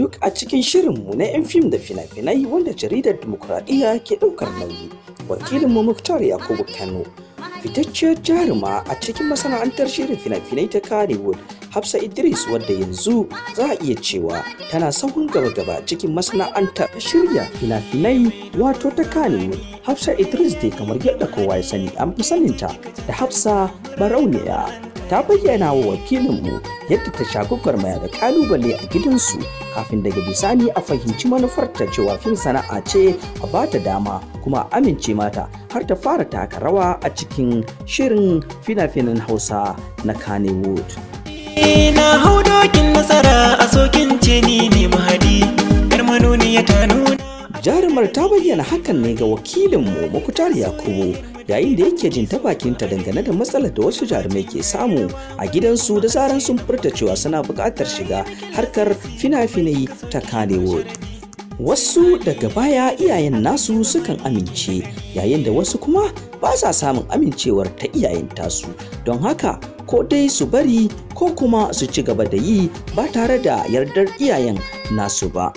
duk a cikin shirinmu na 'yan fim da fina-finai wanda jaridar demokuraɗiyya ke ɗaukar nauyi wakilinmu muktar yakubu kano fitacciyar jaruma a cikin masana'antar shirin fina-finai ta kanewood hafsa idris wadda yanzu za a iya cewa tana sahun gaba-gaba cikin masana'antar shirya fina-finai wato ta kanewood hafsa idris dai kamar yadda kowa ya sani an fi saninta da hafsa barauniya ta bayyana wa wakilinmu yadda ta sha gwagwarmaya da kalubale a gidansu kafin daga bisani a fahimci manufar ta cewa fim sana'a ce a ba ta dama kuma a amince mata har ta fara taka rawa a cikin shirin fina-finan hausa na Kannywood. Na hau dokin nasara a sokin ne mahadi, yar manoni ta nuna. Jarumar ta bayyana hakan ne ga wakilinmu makutar Yakubu yayin da yake jin ta bakinta dangane da matsalar da wasu jarumai ke samu a gidansu da zaran sun furta cewa suna buƙatar shiga harkar fina-finai ta Kannywood. Wasu daga baya iyayen nasu sukan amince yayin da wasu kuma ba sa samun amincewar ta iyayen tasu don haka ko dai su bari ko kuma su ci gaba da yi ba tare da yardar iyayen nasu ba.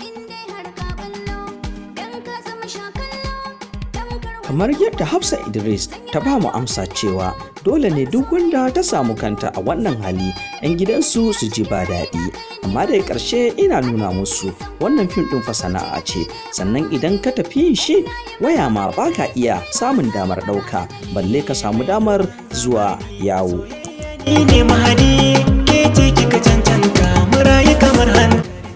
kamar yadda hafsa idris ta ba mu amsa cewa dole ne duk wanda ta samu kanta a wannan hali 'yan gidansu su ji ba daɗi amma da ƙarshe ina nuna musu wannan fim ɗin fa sana'a ce sannan idan ka tafi yin shi waya ma ba ka iya samun damar ɗauka balle ka samu damar zuwa yawo. kamar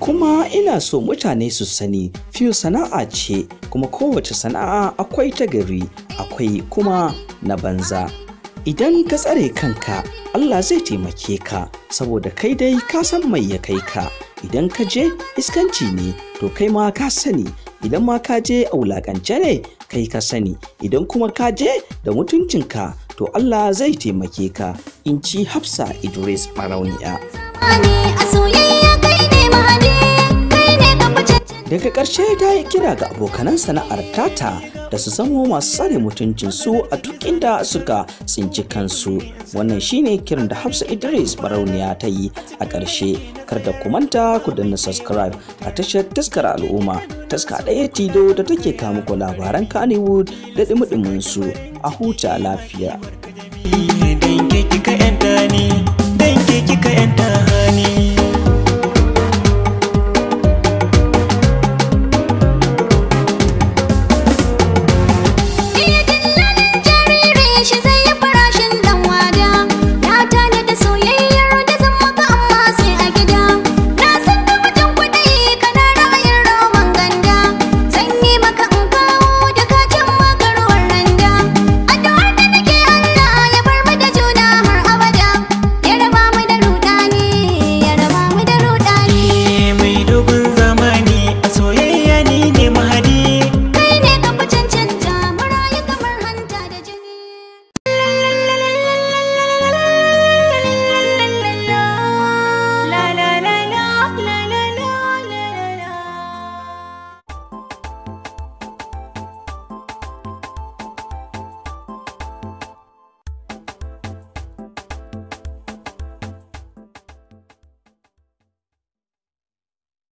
kuma ina so mutane su sani fiye sana'a ce kuma kowace sana'a akwai ta gari akwai kuma na banza idan ka tsare kanka Allah zai taimake ka saboda kai dai ka san mai ya kai ka idan ka je iskanci ne to kai ma ka sani idan ma ka je a wulakance ne kai ka sani idan kuma ka je da mutuncinka to Allah zai taimake ka in ci hafsa Idris Marauniya. daga ƙarshe ta yi kira ga abokanan sana'ar tata da su zamo masu tsare su a duk inda suka tsinci kansu wannan shine kiran da hafsa idris barauniya ta yi a ƙarshe kar da kumanta ku danna subscribe a tashar taskar al'umma taska ɗaya tilo da take kama ku labaran kanewood da ɗumi su a huta lafiya.